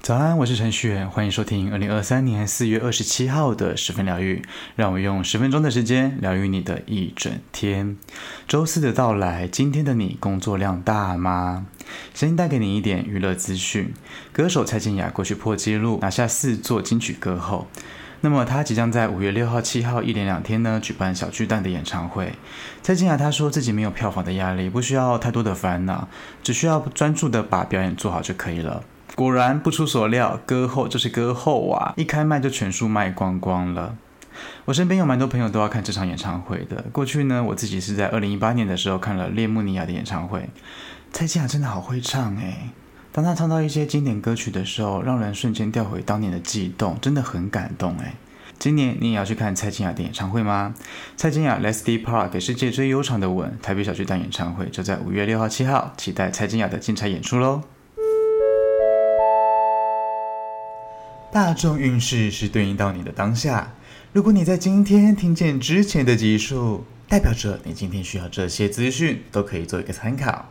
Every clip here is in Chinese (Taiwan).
早安，我是程序員，歡迎收聽二零二三年四月二十七號的十分療癒。讓我用十分鐘的時間療癒你的一整天。週四的到來，今天的你工作量大嗎？先帶給你一點娛樂資訊。歌手蔡健雅過去破紀錄，拿下四座金曲歌後。那麼他即將在五月六號、七號一連兩天呢舉辦小巨蛋的演唱會。蔡健雅他說自己沒有票房的壓力，不需要太多的煩惱，只需要專注的把表演做好就可以了。果然不出所料，歌后就是歌后啊！一開賣就全數賣光光了。我身邊有蠻多朋友都要看這場演唱會的。過去呢，我自己是在二零一八年的時候看了列穆尼亞的演唱會。蔡健雅真的好會唱哎、欸。當他唱到一些經典歌曲的時候，讓人瞬間掉回當年的悸動，真的很感動哎！今年你也要去看蔡健雅的演唱會嗎？蔡健雅《Let's Depart》給世界最悠長的吻台北小巨蛋演唱會就在五月六號、七號，期待蔡健雅的精彩演出嘍！大眾運勢是對應到你的當下，如果你在今天聽見之前的集數，代表着你今天需要這些資訊，都可以做一個參考。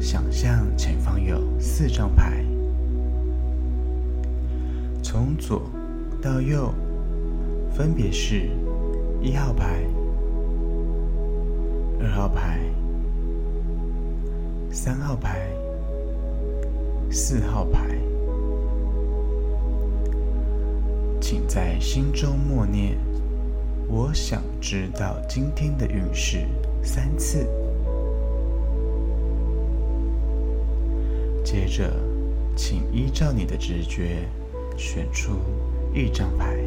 想象前方有四張牌，從左到右分別是一號牌、二號牌、三號牌、四號牌。請在心中默念：“我想知道今天的運勢。”三次。接着，請依照你的直覺選出一張牌。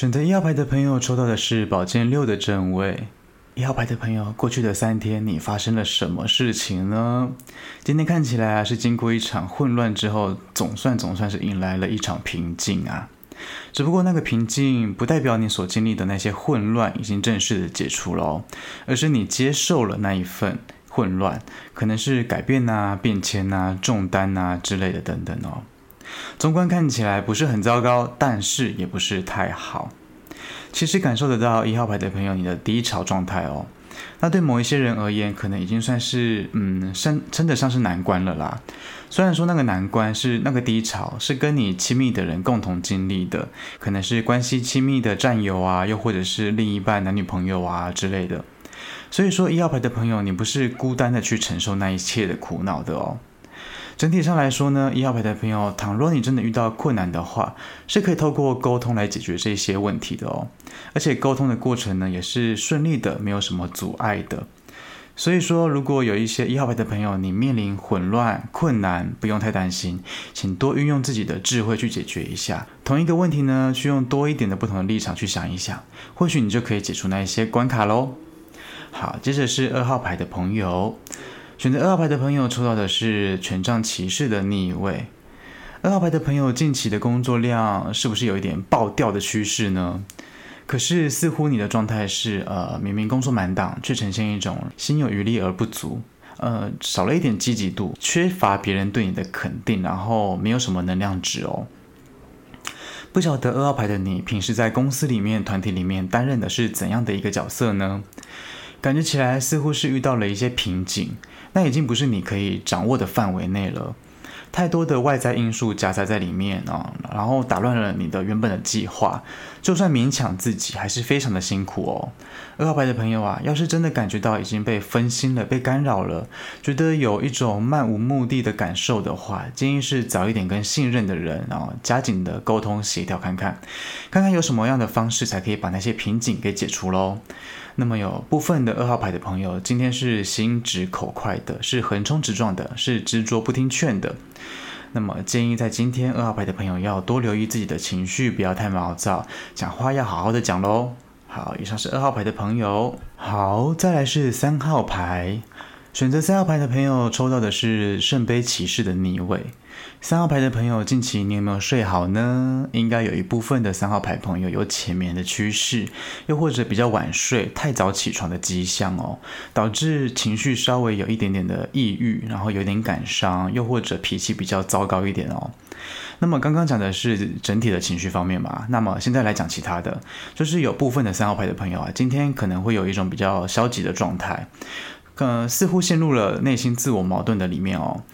選擇一號牌的朋友抽到的是寶劍六的正位。一號牌的朋友，過去的三天你發生了什麼事情呢？今天看起來啊，是經過一場混亂之後，總算總算是迎來了一場平靜啊。只不過那個平靜不代表你所經歷的那些混亂已經正式的解除了哦，而是你接受了那一份混亂，可能是改變吶、啊、變遷吶、啊、重擔吶、啊、之類的等等哦。縱觀看起來不是很糟糕，但是也不是太好。其實感受得到一號牌的朋友，你的低潮狀態哦。那對某一些人而言，可能已經算是嗯，稱稱得上是難關了啦。雖然說那個難關是那個低潮，是跟你親密的人共同經歷的，可能是關係親密的戰友啊，又或者是另一半、男女朋友啊之類的。所以說一號牌的朋友，你不是孤單的去承受那一切的苦惱的哦。整體上來說呢，一號牌的朋友，倘若你真的遇到困難的話，是可以透過溝通來解決這些問題的哦。而且溝通的過程呢，也是順利的，沒有什麼阻礙的。所以說，如果有一些一號牌的朋友，你面臨混亂困難，不用太擔心，請多運用自己的智慧去解決一下。同一個問題呢，去用多一點的不同的立場去想一想，或許你就可以解除那一些關卡嘍。好，接着是二號牌的朋友。選擇二號牌的朋友抽到的是權杖騎士的逆位。二號牌的朋友，近期的工作量是不是有一點爆掉的趨勢呢？可是似乎你的狀態是，呃，明明工作滿檔，卻呈現一種心有餘力而不足，呃，少了一點積極度，缺乏別人對你的肯定，然後沒有什麼能量值哦。不曉得二號牌的你，平時在公司裡面、團體裡面擔任的是怎樣的一個角色呢？感覺起來似乎是遇到了一些瓶頸，那已經不是你可以掌握的範圍內了，太多的外在因素夾雜在裡面啊，然後打亂了你的原本的計劃，就算勉強自己，還是非常的辛苦哦。二號牌的朋友啊，要是真的感覺到已經被分心了、被干擾了，覺得有一種漫無目的的感受的話，建議是早一點跟信任的人啊加緊的溝通協調，看看看看有什麼樣的方式才可以把那些瓶頸給解除嘍。那麼有部分的二號牌的朋友，今天是心直口快的，是橫衝直撞的，是執着不聽勸的。那麼建議在今天二號牌的朋友要多留意自己的情緒，不要太毛躁，講話要好好的講嘍。好，以上是二號牌的朋友。好，再來是三號牌。選擇三號牌的朋友抽到的是聖杯騎士的逆位。三號牌的朋友，近期你有沒有睡好呢？應該有一部分的三號牌朋友有淺眠的趨勢，又或者比較晚睡，太早起床的跡象哦，導致情緒稍微有一點點的抑鬱，然後有點感傷，又或者脾氣比較糟糕一點哦。那麼剛剛講的是整體的情緒方面嘛，那麼現在來講其他的，就是有部分的三號牌的朋友啊，今天可能會有一種比較消極的狀態。呃，似乎陷入了內心自我矛盾的裡面哦，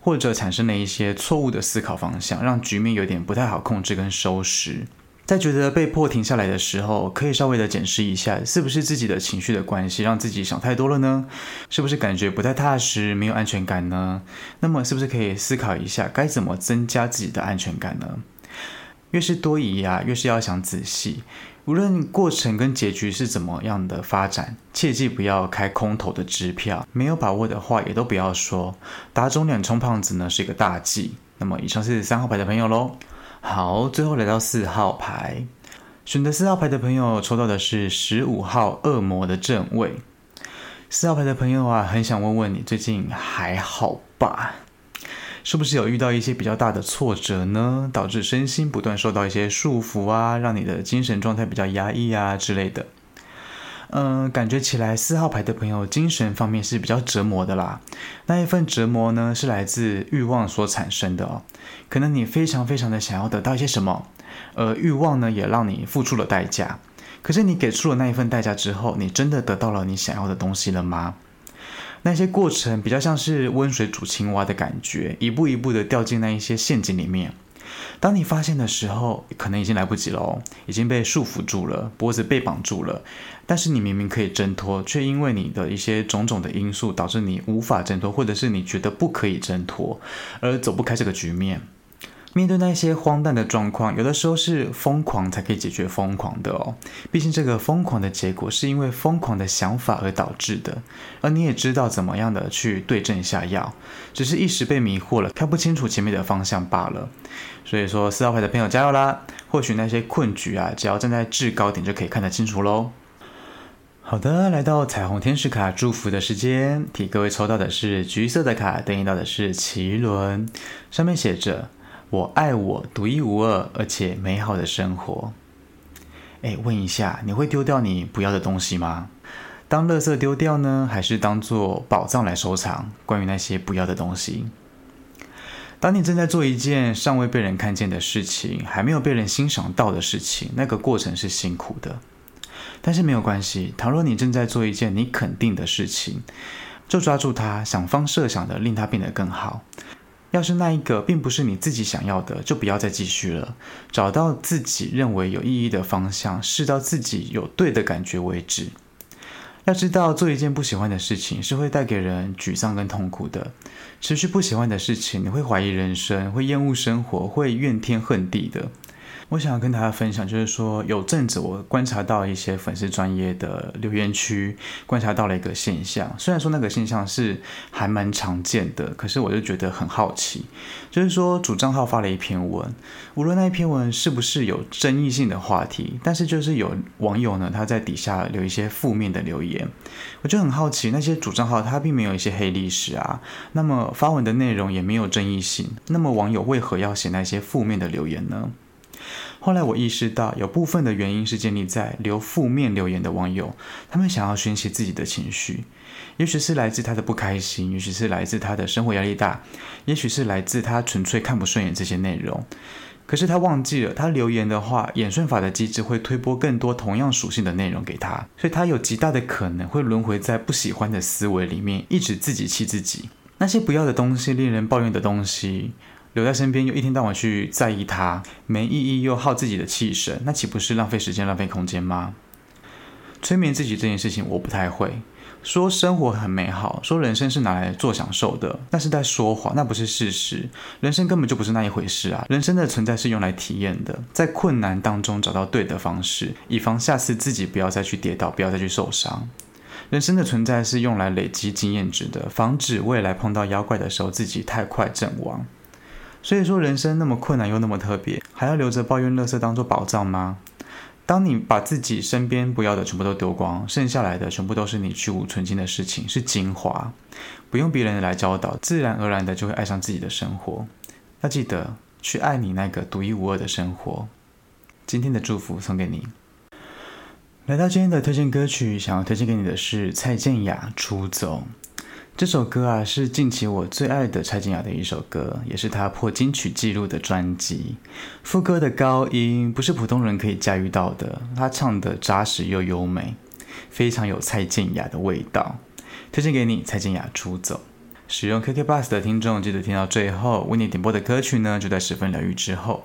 或者產生了一些錯誤的思考方向，讓局面有點不太好控制跟收拾。在覺得被迫停下來的時候，可以稍微的檢視一下，是不是自己的情緒的關係，讓自己想太多了呢？是不是感覺不太踏實，沒有安全感呢？那麼，是不是可以思考一下，該怎麼增加自己的安全感呢？越是多疑啊，越是要想仔細。無論過程跟結局是怎麼樣的發展，切記不要開空頭的支票，沒有把握的話也都不要說。打腫臉充胖子呢是一個大忌。那麼以上是三號牌的朋友嘍。好，最後來到四號牌，選擇四號牌的朋友抽到的是十五號惡魔的正位。四號牌的朋友啊，很想問問你最近還好吧？是不是有遇到一些比較大的挫折呢？導致身心不斷受到一些束縛啊，讓你的精神狀態比較壓抑啊之類的。嗯、呃，感覺起來四號牌的朋友精神方面是比較折磨的啦。那一份折磨呢，是來自欲望所產生的哦。可能你非常非常的想要得到一些什麼，而欲望呢也讓你付出了代價。可是你給出了那一份代價之後，你真的得到了你想要的東西了嗎？那些過程比較像是溫水煮青蛙的感覺，一步一步的掉進那一些陷阱裡面。當你發現的時候，可能已經來不及了哦，已經被束縛住了，脖子被綁住了。但是你明明可以掙脫，卻因為你的一些種種的因素，導致你無法掙脫，或者是你覺得不可以掙脫，而走不開這個局面。面對那些荒誕的狀況，有的時候是瘋狂才可以解決瘋狂的哦。畢竟這個瘋狂的結果是因為瘋狂的想法而導致的，而你也知道怎麼樣的去對症下藥，只是一時被迷惑了，看不清楚前面的方向罷了。所以說，四號牌的朋友加油啦！或許那些困局啊，只要站在制高點就可以看得清楚嘍。好的，來到彩虹天使卡祝福的時間，替各位抽到的是橘色的卡，對應到的是臍輪，上面寫着。我愛我獨一無二而且美好的生活。哎，問一下，你會丟掉你不要的東西嗎？當垃圾丟掉呢，還是當做寶藏來收藏？關於那些不要的東西。當你正在做一件尚未被人看見的事情，還沒有被人欣賞到的事情，那個過程是辛苦的。但是沒有關係，倘若你正在做一件你肯定的事情，就抓住它，想方設法的令它變得更好。要是那一個並不是你自己想要的，就不要再繼續了。找到自己認為有意義的方向，試到自己有對的感覺為止。要知道，做一件不喜歡的事情是會帶給人沮喪跟痛苦的。持續不喜歡的事情，你會懷疑人生，會厭惡生活，會怨天恨地的。我想要跟大家分享，就是說有陣子我觀察到一些粉絲專頁的留言區，觀察到了一個現象。雖然說那個現象是還蠻常見的，可是我就覺得很好奇。就是說主賬號發了一篇文，無論那一篇文是不是有爭議性的話題，但是就是有網友呢，他在底下留一些負面的留言。我就很好奇，那些主賬號他並沒有一些黑歷史啊，那麼發文的內容也沒有爭議性，那麼網友為何要寫那些負面的留言呢？後來我意識到，有部分的原因是建立在留負面留言的網友，他們想要宣泄自己的情緒，也許是來自他的不開心，也許是來自他的生活壓力大，也許是來自他純粹看不順眼這些內容。可是他忘記了，他留言的話，演算法的機制會推播更多同樣屬性的內容給他，所以他有極大的可能會輪回在不喜歡的思維裡面，一直自己氣自己。那些不要的東西，令人抱怨的東西。留在身邊又一天到晚去在意它沒意義，又耗自己的氣神，那豈不是浪費時間、浪費空間嗎？催眠自己這件事情我不太會。說生活很美好，說人生是拿來做享受的，那是在說謊，那不是事實。人生根本就不是那一回事啊！人生的存在是用來體驗的，在困難當中找到對的方式，以防下次自己不要再去跌倒，不要再去受傷。人生的存在是用來累積經驗值的，防止未來碰到妖怪的時候自己太快陣亡。所以說，人生那麼困難又那麼特別，還要留着抱怨、垃圾當做寶藏嗎？當你把自己身邊不要的全部都丟光，剩下來的全部都是你去蕪存菁的事情，是精華，不用別人來教導，自然而然的就會愛上自己的生活。要記得去愛你那個獨一無二的生活。今天的祝福送給你。來到今天的推薦歌曲，想要推薦給你的是蔡健雅《出走》。這首歌啊，是近期我最愛的蔡健雅的一首歌，也是她破金曲紀錄的專輯。副歌的高音不是普通人可以駕馭到的，她唱的紮實又優美，非常有蔡健雅的味道。推薦給你，《蔡健雅出走》。使用 KK Bus 的聽眾，記得聽到最後。為你點播的歌曲呢，就在十分療癒之後。